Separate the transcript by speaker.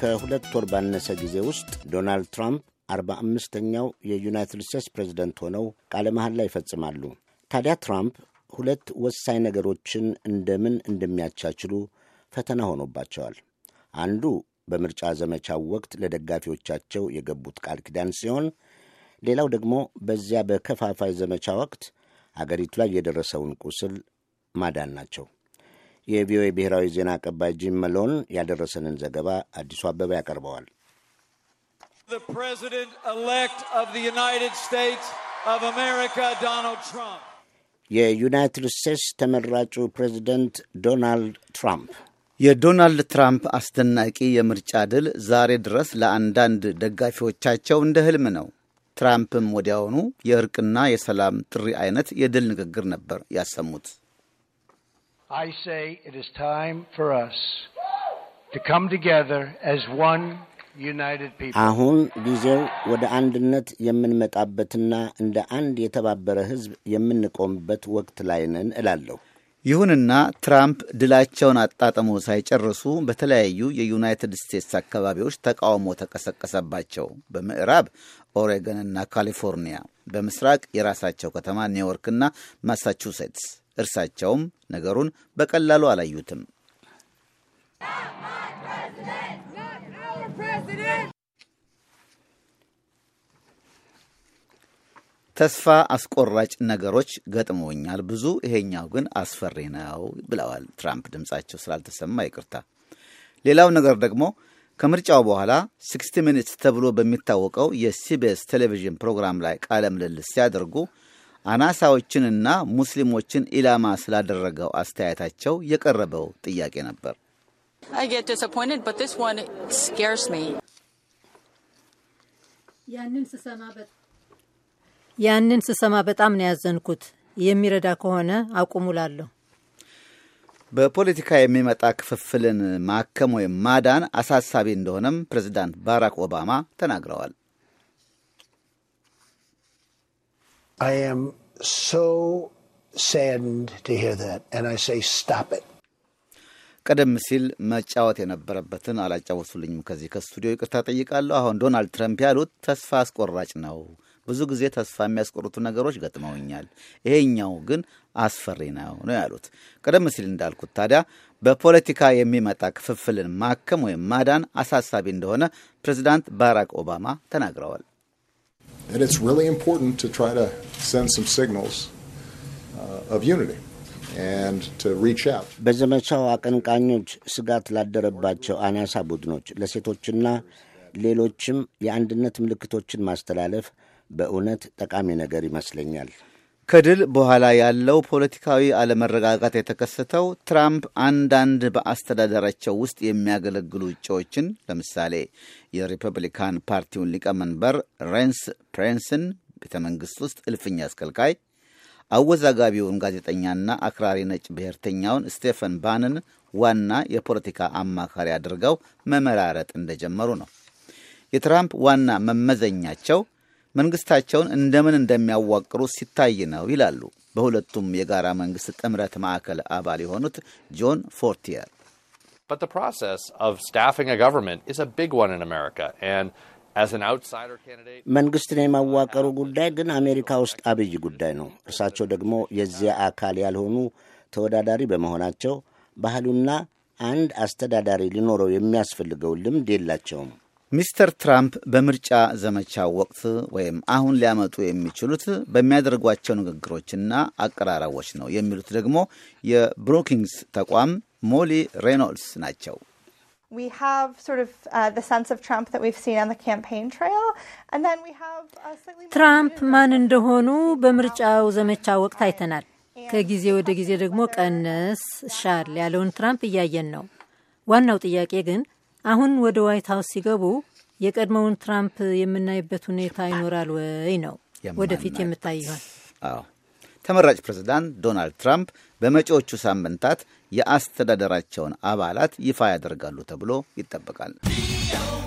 Speaker 1: ከሁለት ወር ባነሰ ጊዜ ውስጥ ዶናልድ ትራምፕ አርባ አምስተኛው የዩናይትድ ስቴትስ ፕሬዝደንት ሆነው ቃለ መሐላ ይፈጽማሉ። ታዲያ ትራምፕ ሁለት ወሳኝ ነገሮችን እንደምን እንደሚያቻችሉ ፈተና ሆኖባቸዋል። አንዱ በምርጫ ዘመቻው ወቅት ለደጋፊዎቻቸው የገቡት ቃል ኪዳን ሲሆን ሌላው ደግሞ በዚያ በከፋፋይ ዘመቻ ወቅት አገሪቱ ላይ የደረሰውን ቁስል ማዳን ናቸው። የቪኦኤ ብሔራዊ ዜና አቀባይ ጂም መሎን ያደረሰንን ዘገባ አዲሱ አበበ ያቀርበዋል። የዩናይትድ ስቴትስ
Speaker 2: ተመራጩ ፕሬዚደንት ዶናልድ ትራምፕ የዶናልድ ትራምፕ አስደናቂ የምርጫ ድል ዛሬ ድረስ ለአንዳንድ ደጋፊዎቻቸው እንደ ህልም ነው። ትራምፕም ወዲያውኑ የእርቅና የሰላም ጥሪ አይነት የድል ንግግር ነበር ያሰሙት።
Speaker 1: I say it is time for us to come together as one united people. አሁን ጊዜው ወደ አንድነት የምንመጣበትና
Speaker 2: እንደ አንድ የተባበረ ሕዝብ የምንቆምበት ወቅት ላይ ነን እላለሁ። ይሁንና ትራምፕ ድላቸውን አጣጥሞ ሳይጨርሱ በተለያዩ የዩናይትድ ስቴትስ አካባቢዎች ተቃውሞ ተቀሰቀሰባቸው። በምዕራብ ኦሬገንና ካሊፎርኒያ፣ በምስራቅ የራሳቸው ከተማ ኒውዮርክና ማሳቹሴትስ እርሳቸውም ነገሩን በቀላሉ አላዩትም። ተስፋ አስቆራጭ ነገሮች ገጥመውኛል ብዙ፣ ይሄኛው ግን አስፈሪ ነው ብለዋል ትራምፕ። ድምጻቸው ስላልተሰማ ይቅርታ። ሌላው ነገር ደግሞ ከምርጫው በኋላ 60 ሚኒትስ ተብሎ በሚታወቀው የሲቢኤስ ቴሌቪዥን ፕሮግራም ላይ ቃለ ምልልስ ሲያደርጉ አናሳዎችንና ሙስሊሞችን ኢላማ ስላደረገው አስተያየታቸው የቀረበው ጥያቄ ነበር። ያንን ስሰማ በጣም ነው ያዘንኩት። የሚረዳ ከሆነ አቁሙላለሁ። በፖለቲካ የሚመጣ ክፍፍልን ማከም ወይም ማዳን አሳሳቢ እንደሆነም ፕሬዚዳንት ባራክ ኦባማ ተናግረዋል።
Speaker 1: I am so saddened to hear that
Speaker 2: and I say stop it. ቀደም ሲል መጫወት የነበረበትን አላጫወቱልኝም። ከዚህ ከስቱዲዮ ይቅርታ ጠይቃለሁ። አሁን ዶናልድ ትራምፕ ያሉት ተስፋ አስቆራጭ ነው። ብዙ ጊዜ ተስፋ የሚያስቆርቱ ነገሮች ገጥመውኛል፣ ይሄኛው ግን አስፈሪ ነው ነው ያሉት። ቀደም ሲል እንዳልኩት ታዲያ በፖለቲካ የሚመጣ ክፍፍልን ማከም ወይም ማዳን አሳሳቢ እንደሆነ ፕሬዚዳንት ባራክ ኦባማ ተናግረዋል። And it's really important to try to send some signals uh, of unity.
Speaker 1: በዘመቻው አቀንቃኞች ስጋት ላደረባቸው አናሳ ቡድኖች ለሴቶችና ሌሎችም የአንድነት ምልክቶችን ማስተላለፍ በእውነት
Speaker 2: ጠቃሚ ነገር ይመስለኛል። ከድል በኋላ ያለው ፖለቲካዊ አለመረጋጋት የተከሰተው ትራምፕ አንዳንድ በአስተዳደራቸው ውስጥ የሚያገለግሉ እጩዎችን ለምሳሌ የሪፐብሊካን ፓርቲውን ሊቀመንበር ሬንስ ፕሬንስን ቤተ መንግሥት ውስጥ እልፍኝ አስከልካይ አወዛጋቢውን ጋዜጠኛና አክራሪ ነጭ ብሔርተኛውን ስቴፈን ባንን ዋና የፖለቲካ አማካሪ አድርገው መመራረጥ እንደጀመሩ ነው። የትራምፕ ዋና መመዘኛቸው መንግስታቸውን እንደምን እንደሚያዋቅሩ ሲታይ ነው ይላሉ በሁለቱም የጋራ መንግስት ጥምረት ማዕከል አባል የሆኑት ጆን ፎርቲየር። መንግስትን የማዋቀሩ
Speaker 1: ጉዳይ ግን አሜሪካ ውስጥ አብይ ጉዳይ ነው። እርሳቸው ደግሞ የዚያ አካል ያልሆኑ ተወዳዳሪ በመሆናቸው ባህሉና አንድ አስተዳዳሪ ሊኖረው የሚያስፈልገው
Speaker 2: ልምድ የላቸውም። ሚስተር ትራምፕ በምርጫ ዘመቻ ወቅት ወይም አሁን ሊያመጡ የሚችሉት በሚያደርጓቸው ንግግሮችና አቀራረቦች ነው የሚሉት ደግሞ የብሩኪንግስ ተቋም ሞሊ ሬኖልድስ ናቸው።
Speaker 1: uh,
Speaker 2: ትራምፕ ማን እንደሆኑ በምርጫው ዘመቻ ወቅት አይተናል። ከጊዜ ወደ ጊዜ ደግሞ ቀነስ ሻል ያለውን ትራምፕ እያየን ነው። ዋናው ጥያቄ ግን አሁን ወደ ዋይት ሀውስ ሲገቡ የቀድሞውን ትራምፕ የምናይበት ሁኔታ ይኖራል ወይ ነው ወደፊት የምታይ ይሆን? አዎ ተመራጭ ፕሬዚዳንት ዶናልድ ትራምፕ በመጪዎቹ ሳምንታት የአስተዳደራቸውን አባላት ይፋ ያደርጋሉ ተብሎ ይጠበቃል።